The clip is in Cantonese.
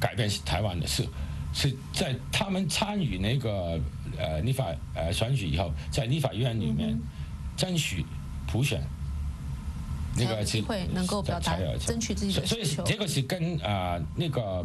改變台灣的事是，是在他們參與那個呃立法呃選舉以後，在立法院裡面爭取普選，嗯、那個機會能夠表達爭取自己的需求所，所以這個是跟啊、呃、那個